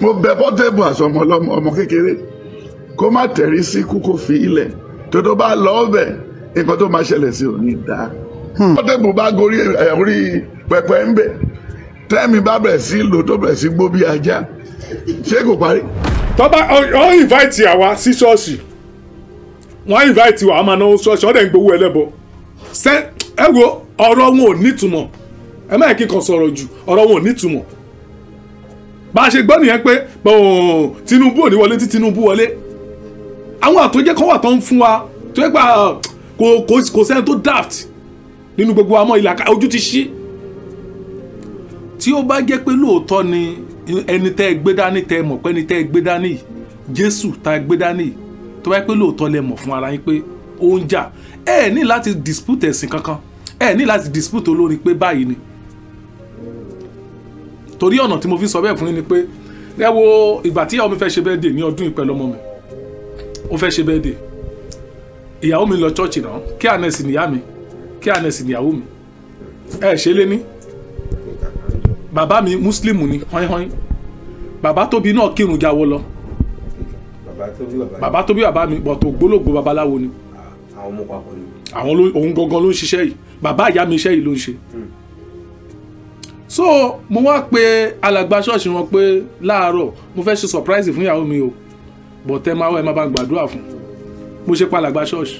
mo bẹ Portable àsọmọ ọlọmọ ọmọ kékeré kó má tẹ̀rí sí kú kó fi ilẹ̀ tó tó bá lọ ọbẹ̀ nǹkan tó máa ṣẹlẹ̀ sí òní dáa Portable hmm. bá gorí orí pẹpẹ ń bẹ tẹ́mi bá bẹ̀rẹ̀ sí lò tó bẹ̀rẹ̀ sí gbó bí ajá ṣé kò parí. tọ́ba ọ invite àwa sí ṣọ́ọ̀ṣì wọ́n invite wa a máa náwó ṣọ́ọ̀ṣì ọ̀dẹ̀ ń gbowó ẹlẹ́bọ ṣé ẹ wo ọ̀rọ̀ wọn ò nítumọ̀ ẹ má kíkan sọ̀rọ̀ jù ọ̀rọ̀ wọn ò nítumọ̀ bá a ṣe gbọ́ nìyẹn pé Tinubu ò ní wọlé tí Tinubu wọlé àwọn àtòjẹ́ kan wà tó ń fún wa tó yẹ pé ah, kò sẹ́ni tó daft nínú gbogbo àmọ́ ìlà ojú ti ṣí tí ó bá jẹ́ pé lóòótọ́ ni ẹni tẹ́ ẹ gbé dání tẹ́ ẹ mọ̀ pé ẹni tẹ́ ẹ gbé dání Jésù tá ẹ gbé dání tó bá jẹ́ pé lóòótọ́ lẹ mọ̀ fún ara yín pé ó ń jà ẹ ní láti dispute ẹ̀sìn kankan ẹ ní láti dispute olórin pé báyìí ni torí ọ̀nà tí mo fi sọ bẹ́ẹ̀ fún yín ni pé ẹ wo ìgbà tí ìyàwó mi fẹ́ ṣe bẹ́ẹ̀ dè ní ọdún ìpẹ́lú ọmọ mi ó fẹ́ ṣe bẹ́ẹ̀ dè ìyàwó mi lọ chọ́ọ̀chì náà kí ànẹ́sì nìyá mi kí ànẹ́sì nìyàwó mi ẹ ṣe lé ní bàbá mi mùsùlùmù ni họ́ínhọ́ín bàbá tóbi náà kírun jáwọ́ lọ bàbá tóbi bàbá mi bọ̀tò gbólógbò babaláwo ni ah, àwọn ọmọ papọ̀ ni àwọn òun gangan ló ń ṣiṣẹ́ yìí bàbá ìyá mi iṣẹ́ yìí ló ń ṣe. Hmm so mo wá pe alàgbà ṣọ́ọ̀ṣì wọn pé láàárọ̀ mo fẹ́ ṣe surprise fún ìyàwó mi o but ẹ máa wá ẹ máa bá gbàdúrà fún mo ṣe pa alàgbà ṣọ́ọ̀ṣì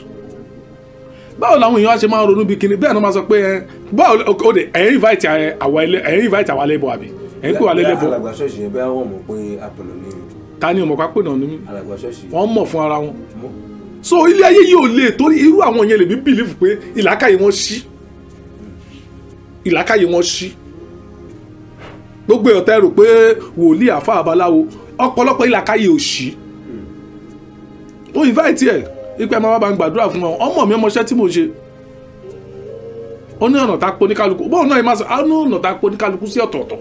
báwo làwọn èèyàn ṣe máa ronú bí kinní bẹ́ẹ̀ ni wọ́n máa sọ pé ẹ báwo ó dé ẹ̀yin invite àwa ilé ẹ̀yin invite àwa lẹ́bọ̀ àbí ẹ̀yin pè wá lẹ́lẹ́bọ̀. alàgbà ṣọ́ọ̀ṣì yẹn bẹ́ẹ̀ wọ́n mọ̀ pé àpọ̀lọ̀ ni mi. ta ni ọmọ pápẹ́ náà ni mí wọ́n mọ̀ fún ara wọn. so ilé ayé yìí ò lè torí irú àwọn yẹn lè mí bìlífù pé ìlàkàyè wọn ṣí ìlàkàyè wọn ṣí gbogbo èèyàn tẹ́ rò pé wòlíì àfa àbáláwo ọ̀pọ̀lọpọ̀ ìlàkàyè òṣì ó hmm. invite ẹ̀ ipe ẹ̀ máa bá ń gbàdúrà fún wọn ọmọ mi ọmọọṣẹ́ tí mo ṣe ó ní ọ̀nà tá a po ní kálukú bọ́ọ̀ náà ẹ máa sọ á ní ọ̀nà tá a po ní kálukú sí ọ̀tọ̀ọ̀tọ̀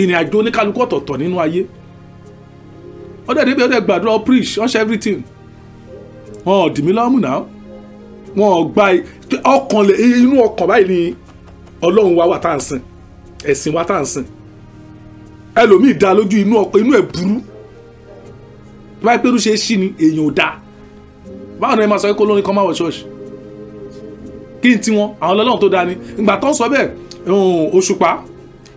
ìrìn àjò ní kálukú ọ̀tọ̀ọ̀tọ̀ nínú ayé ọdẹ níbi ọdẹ gbàdúrà ọ preach ọ ṣe everything wọn ò dì mí lọ́mù náà wọn ò gba ọkàn inú ọkàn báyìí ni ọlọ́run wá wà tá à ń sìn ẹ̀sìn wa tá à ń sìn ẹlòmíì dá lójú inú ọkọ inú ẹ̀ burú báyìí pé irúṣe ṣì ni èèyàn ò dáa báwo ni ẹ máa sọ pé kó lórin kan máa wọ ṣọ́ọ̀ṣì kí n tiwọn àwọn ọlọ́run tó dáa ni ìgbà tó ń sọ bẹ́ẹ̀ òṣùpá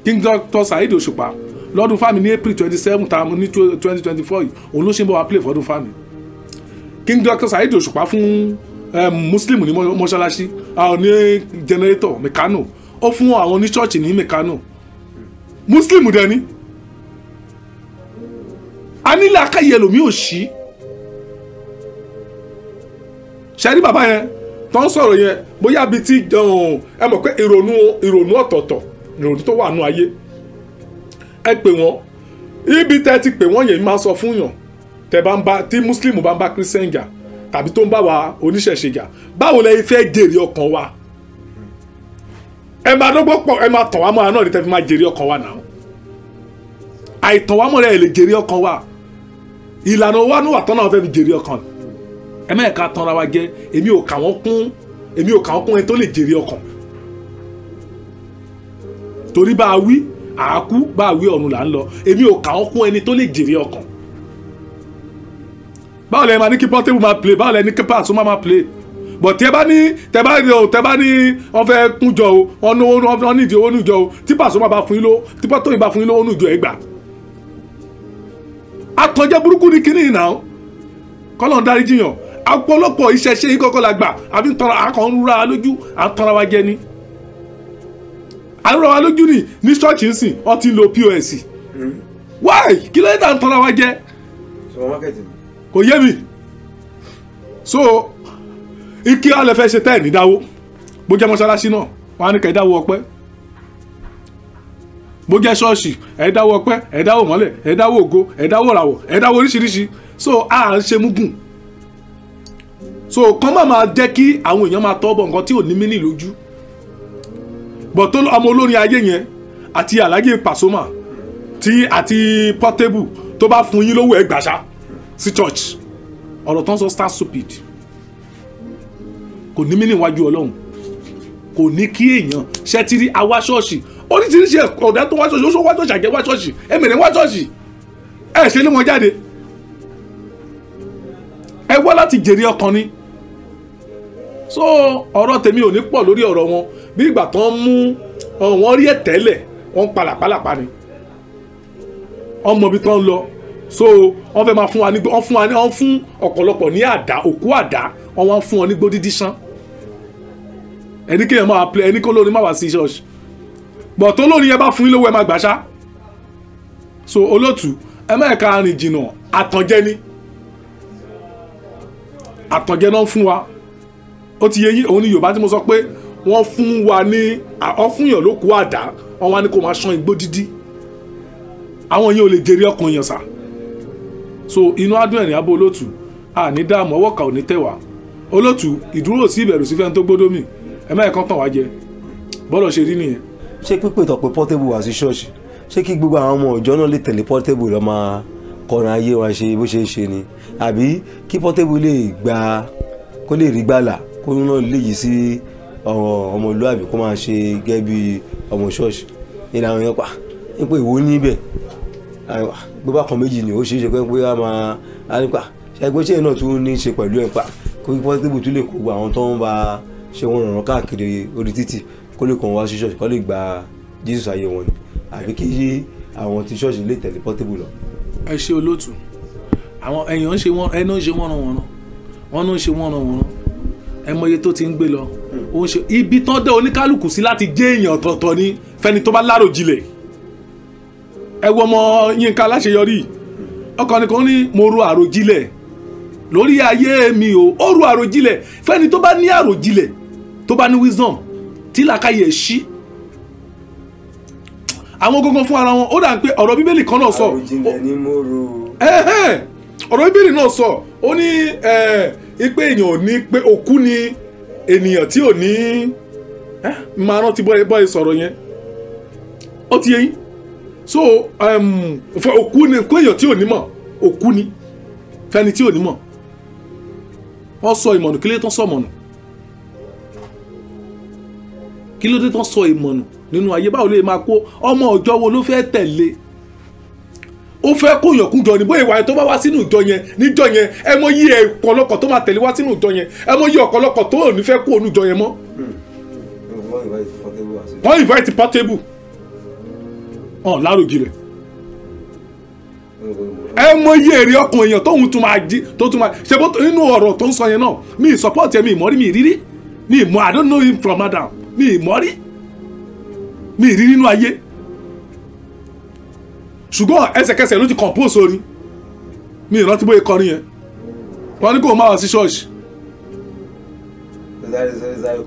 King Dr. Saheed òṣùpá lọ́dún fáàmì ní April twenty seven tààmù ní twenty twenty four yìí òun ló ṣe ń bọ̀ wá play fọ́dún fáàmì King Dr. Saheed òṣùpá fún muslim ní mọ́ṣáláṣí àwọn ní jẹnẹrétọ̀ mẹkánò ó fún àwọn oníṣọ́ọ̀ṣì ní mẹ̀kánù muslim dẹni a nílẹ̀ akáyẹ lòmí ò sí ṣẹ́rí bàbá yẹn tó ń sọ̀rọ̀ yẹn bóyá bíi ti um, ẹ mọ̀ pé ìrònú ìrònú ọ̀tọ̀ọ̀tọ̀ ìrònú tó wà nù ayé ẹ pè wọ́n ibi tẹ́ ti pè wọ́n yẹn máa sọ fún yàn tẹ́ bá ń bá tí muslim bá ń bá christian jà tàbí tó ń bá wa oníṣẹ̀ṣe jà báwo lẹ fẹ́ jèrè ọkàn wa ẹ máa dọ́gbọ́ pọ̀ ẹ máa tàn wá mọ́ra náà ní tẹ́ fi máa jèrè ọkàn wa náà àìtàn wá mọ́ra ẹ̀ lè jèrè ọkàn wa ìlànà wa ní wàtọ́ náà fẹ́ fi jèrè ọkàn ẹ má yẹ ká tanra wa jẹ èmi ò kà wọ́n kún èmi ò kà wọ́n kún ẹ tó lè jèrè ọkàn torí bá a wí àákú bá a wí ọ̀run là ń lọ èmi ò kà wọ́n kún ẹni tó lè jèrè ọkàn báwo lẹ́yìn máa ní kí Portable máa play báwo lẹ́yìn ní kí Pasuma máa play bọ̀ tí ẹ bá ní tẹ bá ní o tẹ bá ní wọn fẹ́ kúnjọ o wọn owó wọn ní ìdí owó nùjọ o tí Pasuma bá fún yín ló tí pàtó yìí bá fún yín lówó nùjọ ẹ gbà. àtọ̀jẹ́ burúkú ni kíní ìnà kọ́lọ̀ ń darí jiyàn ọ̀pọ̀lọpọ̀ ìṣẹ̀ṣe yìí kọ́kọ́ la gbà àfi tọ́ra akọ̀ọ́nura lójú àtọ́ra wa jẹ ni. àrùn wa lójú ni ní ṣọ́ọ̀ṣì ń sìn ọ ti lo POS. wáì kí ló dé tà ń tọ́ra wa so ike ọ̀lẹ́ fẹ́ ṣe tẹ́ẹ̀ ní dáwó bó jẹ́ mọ́ṣáláṣí náà wọ́n á ní kẹ́ dáwó ọpẹ́ bó jẹ́ ṣọ́ọ̀ṣì ẹ̀ dáwó ọpẹ́ ẹ̀ mọ́lẹ̀ ẹ̀ ògo ẹ̀ ràwọ̀ ẹ̀ oríṣiríṣi so a ń ṣe múgùn so kàn máa máa jẹ́ kí àwọn èèyàn máa tọ́ bọ̀ nǹkan tí ò ní mínì lójú bọ̀ tó ọmọ olórin ayé yẹn àti alájẹ pàṣọmà tí àti portable tó bá fún yín lówó ẹ̀ sí church ọ̀rọ̀ tán sọ star stupid kò ní mímì wájú ọlọ́run kò ní kí èèyàn ṣẹ́tírí awá ṣọ́ọ̀ṣì oríṣiríṣi ọ̀dà tó wá ṣọ́ọ̀ṣì ó ṣó wá ṣọ́ọ̀ṣì àjẹ́ wá ṣọ́ọ̀ṣì èmèrè wá ṣọ́ọ̀ṣì ẹ̀ ṣe lé wọn jáde ẹ wá láti jèrè ọkàn ni so ọ̀rọ̀ tèmi ò ní pọ̀ lórí ọ̀rọ̀ wọn bí ìgbà tán mú wọn rí ẹ̀tẹ́lẹ̀ wọn palàpalàpa ni ọmọ ibi tán lọ so wọn fẹ́ máa fún wa ní wọn fún ọ̀pọ̀lọpọ̀ ní àdá òkú àdá wọn wá fún ọ ní gbódídí sán ẹni kéèyàn máa play ẹni kó lórin má wá sí ṣọ́ọ̀ṣì bọ̀ tó lórin yẹn bá fún yín lówó ẹ má gbà so olóòtú ẹ má ẹ̀ka arìn jìnnà àtànjẹ ni àtànjẹ náà fún wa ó ti yẹ yín òun ni Yorùbá tí mo sọ pé wọ́n fún wa ní ọ̀fúnyàn ló kú àdá wọ́n wá ní kó máa ṣan igbó dídí àwọn yẹn ò lè jèrè ọkàn yẹn sà so inú adùn ẹ̀rìn abó olóòtú àní dààmú ọwọ́ kan ò ní tẹ̀wá olóòtú ìdúró sí ìbẹ̀rù sífẹ́ tó gbódó mi ẹ má yẹ kán tàn wá jẹ bọ́lọ̀ ṣe rí nìyẹn. ṣé pípé ìtọ̀pẹ́ portable wá sí ṣọ́ọ̀ṣì ṣé kí gbogbo àwọn ọmọ ìjọ náà lè tẹ̀lé portable lọ́ máa kọrin ayé wa ṣe bó ṣe ń ṣe ni àbí kí portable lè gba kó lè rí gbàlà kó náà lè yí sí ọmọlúàbí kó máa ṣe gẹ́gẹ́ bí ọmọ ṣọ́ọ̀ṣì ìlànà yẹn pa ń pè wò níbẹ̀ gbogbo àkàn méjì ni ó ṣeé ṣe pé pé a máa á nípa ṣàgbéṣe náà tún ní í ṣe pẹ̀lú ẹ̀ pa kó portable tún lè kó gbogbo àwọn tó ń ba ṣé wọ́n ràn káàkiri orí títì kó lè kàn wá sí ṣọ́ọ̀ṣì kó lè gba Jésù ayé wọn ni àbí kí yé àwọn ti ṣọ́ọ̀ṣì lè tẹ̀lé pọ́tébù lọ. ẹ ṣe olóòtú àwọn èèyàn ń ṣe wọn ẹnu ń ṣe wọn ràn wọn ràn wọn ń ṣe wọn ràn wọn ràn ẹ mọ iye tó ti ń gbé lọ hmm. ó ń ṣe ibi tó dé oníkálukú sí láti jẹ́ èèyàn ọ̀tọ̀ọ̀tọ̀ ni fẹ́ni tó bá láròjinlẹ̀ ẹ wo ọmọ Yínká Aláṣeyọrí ọkàn nìkan ní mo ro àròjinlẹ̀ lórí ayé mi o ó ro àròjinlẹ̀ fẹ́ni tó bá ní àròjinlẹ̀ tó bá ní wisdom tí làákàyè ṣí àwọn gangan fún ara wọn ó dà ń pé ọ̀rọ̀ bíbélì kan náà sọ ọ̀rọ̀ bíbélì náà sọ ó ní pé èèyàn ò ní pé òkú ni ènìyàn tí ò ní máa rántí bọ́ẹ̀ sọ̀rọ̀ yẹn ó ti yẹ so òkú ni kó èèyàn tí ò ní mọ̀ òkú ni fẹ́ni tí ò ní mọ̀ wọ́n sọ ìmọ̀nù kílé tán sọ ìmọ̀nù kí ló dé tán sọ ìmọ̀nù nínú ayé báwo ló lè máa kó ọmọ ọjọ́ wo ló fẹ́ tẹ̀lé ó fẹ́ kó yànkújọ ní bóyá ìwà ẹ̀ tó bá wá sínú ìjọ yẹn níjọ yẹn ẹ mọ yí ọ̀kọ̀lọ̀kọ̀ tó máa tẹ̀lé wá sínú ìjọ yẹn ẹ mọ yí ọ̀kọ̀lọ̀kọ̀ tó ò ní fẹ́ kó ònú ìjọ yẹn mọ́. wọ́n invite portable ọ̀ lárògìrẹ̀ ẹ mọ iye èrè ọkàn èèyàn tóun tún máa jí tó tún máa ṣe bó nínú ọ̀rọ̀ tó ń sọ yẹn náà mi ì support ẹ mi ì mọ́ rí mi ì rírí mi ì mọ́ I don't know him from Adam mi ì mọ́rí mi ì rí nínú ayé ṣùgbọ́n ẹsẹ̀kẹsẹ̀ ló ti compose orin mi ì rántí bóyá kọrin yẹn wọ́n ní kó o máa wá sí ṣọ́ọ̀ṣì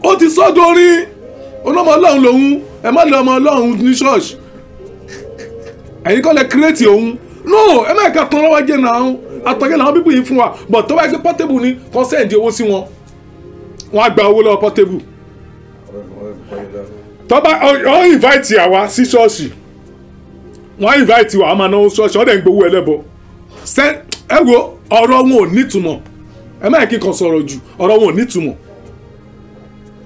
ó ti sọ́dọ̀ orin onímọ̀ ọlọ́run lòun ẹ má lọ ọmọ ọlọ́run ní ṣọ́ọ̀ṣì ẹ̀yin kọ́ lẹ kírètì òun no ẹ má ẹ̀ka tán lọ́wọ́ jẹ́ náà àtọ̀gẹ́ làwọn bíbí yìí fún wa bọ̀ tó bá gbé pọ́tébù ni kọ́ sẹ́ǹdì owó sí wọn wọ́n á gba owó lọ́wọ́ pọ́tébù tọ́ba ọ̀ invite àwa sí ṣọ́ọ̀ṣì wọ́n invite wa ọmọ náà ṣọ́ọ̀ṣì ọ̀dẹ̀ ń gbowó ẹlẹ́bọ ẹ wo ọ̀rọ̀ wọn ò nítumọ̀ ẹ má kí kan sọ̀rọ̀ jù ọ̀rọ̀ wọn ò nítumọ̀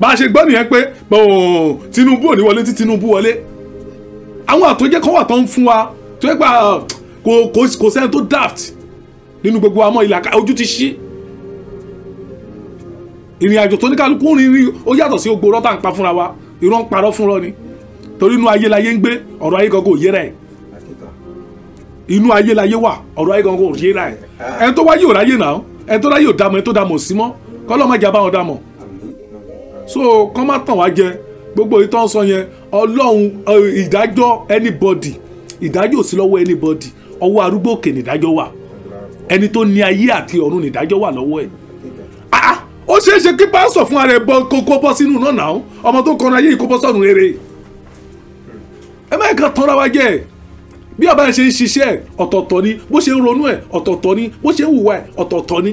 bá a ṣe gbọ́ nìyẹn pé Tinubu ò ní wọlé tí Tinubu wọlé àwọn àtọ́jẹ́ kan wà tó ń fún wa tó yẹ pé ah, kò sẹ́ni tó daft nínú gbogbo àmọ́ ìlà ojú ti ṣí ìrìn àjò tó ní kálukú rìnrìn ó yàtọ̀ sí gbogbo rọ́tà ń pa fúnra wa irọ́ ń parọ́ fúnrọ́ ni torí inú ayélayé ń gbé ọ̀rọ̀ ayé gangan ò yéra ẹ̀ inú ayélayé wà ọ̀rọ̀ ayé gangan ò yéra ẹ̀ ẹni tó wáyé ò ráyè náà ẹni tó ráyè ò dàmọ̀ ẹni tó dàmọ̀ sí mọ́ kọ́lọ́ má jà bá wọn dàmọ̀ so kọ́ má tàn wá jẹ gbogbo ìtàn sọ yẹn ọlọ́run ìdájọ́ anybody ìdájọ́ ò sí lọ́wọ́ anybody ọwọ́ arúgbó òkè nìdájọ́ wà ẹni tó ní ayé àti ọ̀run nìdájọ́ wà lọ́wọ́ ẹ̀ ṣeé ṣe kí pásítọ̀ fún ara ẹ̀ bọ́ kókó bọ́ sínú náà náà ọmọ tó kọrin ayé ìkó bọ́ sọ̀rùn rere ẹ má kàn tán ra wa jẹ́ bí ọba ṣe ń ṣiṣẹ́ ọ̀tọ̀ọ̀tọ̀ ni bó ṣe ń ronú ẹ̀ ọ̀tọ̀ọ̀tọ̀ ni bó ṣe ń hùwà ẹ̀ ọ̀tọ̀ọ̀tọ̀ ni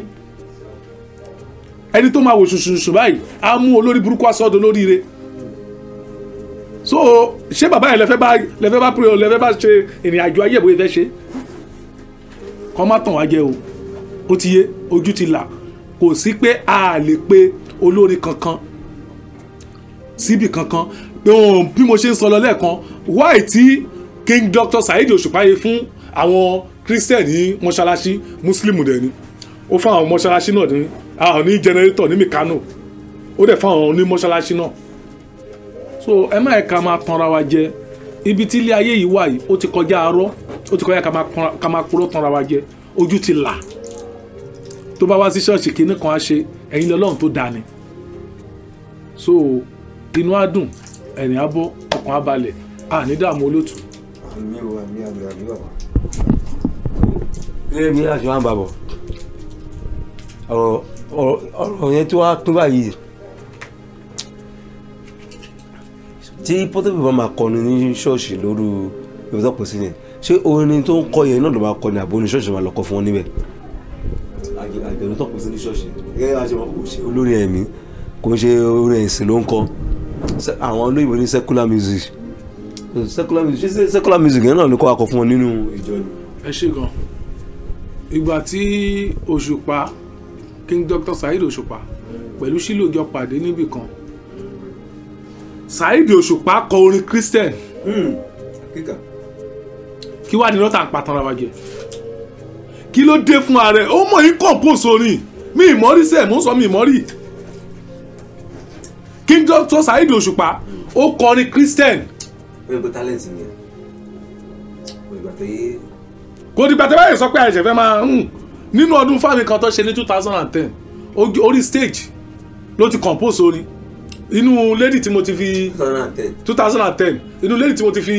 ẹni tó máa wò ṣùṣùṣù báyìí á mú olórí burúkú asọ́dọ̀ lóríire so ṣé bàbá yẹn lẹ́fẹ́ bá lẹ́fẹ́ bá pray o lẹ́fẹ́ bá ṣe ìrìn àjò ayé ìbòye fẹ́ ṣe kọ́ má tàn wá jẹ o ó ti yé ojú ti là kò sí pé a lè pe olórin kankan síbì kankan bí mo ṣe ń sọ lọ lẹ́ẹ̀kan wáì tí King Dr. Saheed Òṣùpá yìí fún àwọn Christian ní mọ́ṣáláṣí Muslim dẹ̀ ni ó fún àwọn mọ́ṣáláṣí náà ní àwọn ní jẹnẹrétọ̀ ní mẹkánò ó dẹ̀ fún àwọn ní mọ́ṣáláṣí náà so ẹ má ẹ ká máa tanra wa jẹ ibi tí ilé ayé yìí wà yìí ó ti kọjá arọ ó ti kọjá ká máa purọ́ tanra wa jẹ ojú ti là tó bá wá sí ṣọ́ọ̀ṣì kínní kan á ṣe ẹ̀yin lọ́lọ́run tó dáa ni so inú á dùn ẹ̀rìn á bọ́ ọkàn á balẹ̀ à ní dààmú olóòtú. àmì o àmì àmì àmì bàbá. ilé mi láti máa ń bàbọ̀ ọ̀rọ̀ ọ̀rọ̀ yẹn tó wá pín báyìí tí pọ́tẹ́bù bá máa kọnu ní ṣọ́ọ̀ṣì lóru ìbùdókòsí yẹn ṣé orin tó ń kọ yẹn náà ló máa kọ ní àbóni ṣọ́ọ̀ṣì máa lọ́kọ́ fún wọn níbẹ̀ ìbẹ̀rù tó kù sí ní ṣọ́ọ̀ṣì gẹ́gẹ́ bá ṣe mọ̀ kò ṣe olórin ẹ̀mí kò ṣe orin ẹ̀sìn ló ń kọ àwọn olóyìnbó ní secular music secular music ṣé secular music yẹn náà ló kọ́ akọ fún wọn nínú ìjọ ni. ẹ ṣe gan ìgbà tí òṣùpá king dr saheed òṣùpá pẹ̀lú sílò jọ pàdé níbì kan saheed òṣùpá kọ orin christian hmm, kí wàá ní lọ́tà ń pa tanra wa kí ló dé fún ààrẹ ó mọ̀ yín compose orin mi ìmọ̀rí sẹ̀ mò ń sọ mi ìmọ̀rí king doctor saheed òṣùpá ó kọrin christian. oyinbo talent ni oyinbo àtẹyẹ. kò dìgbà tẹ́ báyìí sọ pé àìsàn fẹ́ máa ń hmm, nínú ọdún fáàmì kan tó ṣe ní two thousand and ten orí stage ló ti compose orin inú lady tí mo ti fi two thousand and ten inú lady tí mo ti fi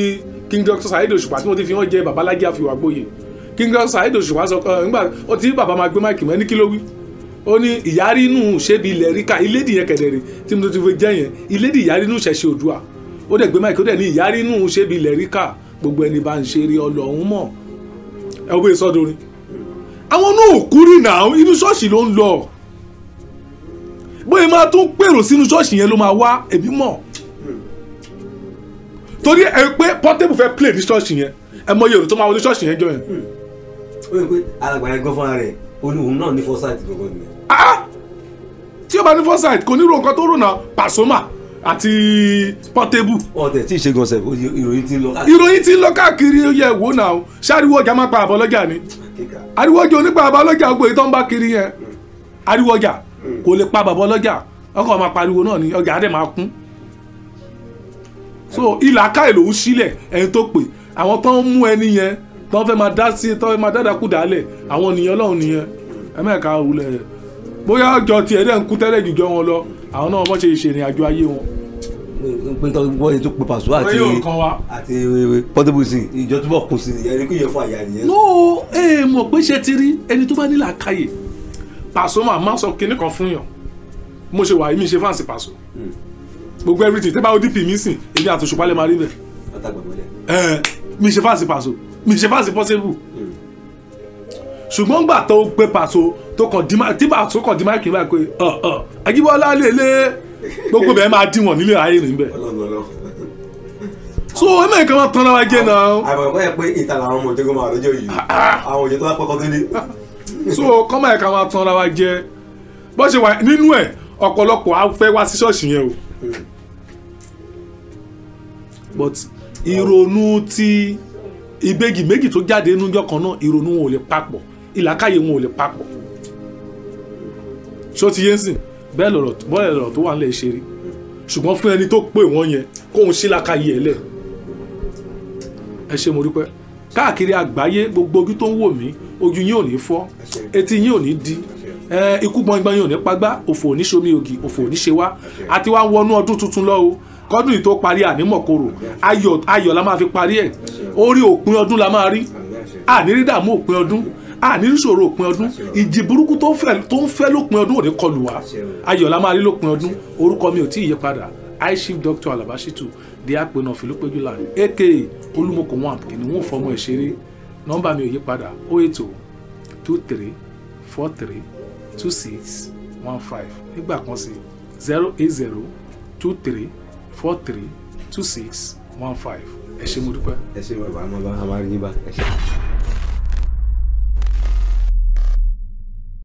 king doctor saheed òṣùpá tí mo ti fi hàn jẹ babalájí àfiwàgbóye King Saheed Òṣùpá sọ nígbà tí bàbá máa gbé máìkì mọ́ ẹni kí ló wí ó ní ìyárí inú ṣébi ilẹ̀ ríkà ilédì yẹn kẹ̀dẹ̀rẹ̀ tí mo ti fi jẹ́ yẹn ilédì ìyárí inú ṣẹ̀ṣẹ̀ òdua ó dẹ̀ gbé máìkì ó dẹ̀ ní ìyárí inú ṣébi ilẹ̀ ríkà gbogbo ẹni bá ń ṣe eré ọlọ́run mọ̀ ẹ wo bóyá sọ́dọ̀rin àwọn náà ò kúrì náà inú ṣọ́ọ̀ṣì ló ń lọ bóyá máa tún pèrò sínú ṣọ́ọ̀ṣì yẹn ló máa wá èmi mọ̀ torí ẹ pé Portable fẹ́ play ní ṣọ́ọ̀ṣì yẹn ẹ mọ iye èrò tó máa wọlé ṣọ́ọ̀ṣì yẹn jọ yẹn ó yẹ pé alàgbà yẹn gan fúnra rẹ̀ olùhùn náà ní foresight gbogbo ni. Ah, ah! tí ó bá ní foresight kò ní ro nǹkan tó rò náà Pasuma àti Portable. ọ̀tẹ̀ tí ìṣègùn ọ̀sẹ̀ ìròyìn ti ń lọ káàkiri. ìròyìn ti ń lọ káàkiri yẹ wò náà ṣáàriwo ọjà máa pa àbọ̀ lọ́jà ni ariwo ọjà onípa àbọ̀ lọ́jà gbogbo èyí tó ń bá kiri yẹn hmm. ariwo ọjà hmm. kò lè pa bàbọ̀ lọ́jà ọkọ̀ máa pariwo náà ni ọjà á máa kún so ìlàkà èlò ń sílẹ̀ ẹni tó pè àwọn tó ń mú ẹni yẹn tó fẹ́ máa dá sí tó fẹ́ máa dádàkú dálẹ̀ àwọn ènìyàn ọlọ́run nìyẹn ẹ̀mẹ́ẹ̀ka wulẹ̀ rẹ̀ bóyá ọjọ́ tiẹ̀ dẹ̀ ń kú tẹ́lẹ̀ jùjọ wọn lọ àwọn náà wọ́n ṣe ìṣèrìn àjò ayé wọn. pé tó gbọ́ yẹn tó pe pàṣọ àti àti eh, eh, eh, Portable sí ìjọ túbọ̀ kù sí ẹni kò yẹ fún àyà nìyẹn. no ee mọ̀ pé ṣe ti rí ẹni tó bá nílà káyè pàṣọ máa má sọ kinní kan fún yàn mo ṣe wà mí ṣe fáǹsì pàṣọ hmm. gbogbo everything tẹ́ bá odp mi sìn èmi àtòṣùpá lè máa rí bẹ́ẹ̀ mi ṣe fáǹsì pàṣọ mi ṣe fáṣí possible ṣùgbọ́n gbà tó gbé pàtó tó kàn dí tí pàtó kàn dí máìkì báyìí pé ọ ọ Ajíbọ́lá lélẹ̀ gbogbo bẹ́ẹ̀ máa dín wọn nílé ayé níbẹ̀ so ẹ mẹ́rin kan máa tán náà wá jẹ́ náà. àbẹ̀wò kọ́ ẹ pé ìta làwọn ọmọ òjòkó máa rọjò yìí ah, ah. àwọn òjò tó bá pọ́kọ́ gẹ́lẹ́. so kọ́ máa ẹ̀ka máa tán ara wa jẹ bó ṣe wà nínú ẹ̀ ọ̀pọ̀lọpọ̀ á fẹ́ wá sí ṣọ́ọ̀ṣì yẹn o hmm. but ìrònú ti. Mm ìbejì méjì tó jáde inú ọjọ́ kan náà ìrònú wọn ò lè papọ̀ ìlàkàyè wọn ò lè papọ̀ ṣó ti yé ń sìn bẹ́ẹ̀ lọ̀rọ̀ bọ́ọ̀lẹ̀ lọ̀rọ̀ tó wà ń lẹ̀ ṣe rí ṣùgbọ́n fún ẹni tó pè wọ́n yẹn kóun ṣí làkàyè ẹ̀ lẹ̀ ẹ ṣé mo dúpẹ́ káàkiri àgbáyé gbogbo ojú tó ń wò mí ojú yín ò ní fọ́ etí yín ò ní di ikú gbọ̀ngbọ̀n yín ò ní pagbá òfò ò ní ṣomi ògì òfò ò ní ṣe wá àti wá wọnú ọdún tuntun lọ o kọ́dún yìí tó parí ànímọ̀kòrò ayọ̀ ayọ̀ la máa fi parí ẹ̀ orí òpin ọdún la máa rí ànírídàmú òpin ọdún àníríṣòro òpin ọdún ìjì burúkú tó ń fẹ́ lópin ọdún ò ní kọlù wá ayọ̀ la máa rí lópin ọdún orúkọ mi ò tí ì yí padà high chief doctor alabashitu di apẹ̀nà fìlúpẹ̀jù land aka olúmọkò wọn kìnìún fọmọ ẹ̀ ṣeré nọ́mbà mi ò yí padà 080 23 43 26 15 nígbà kan sí 080 23 four three two six one five ẹ ṣé mo dúpẹ́. ẹ ṣé bàbá àmọ́ bá a máa rí yín bá ẹ ṣé.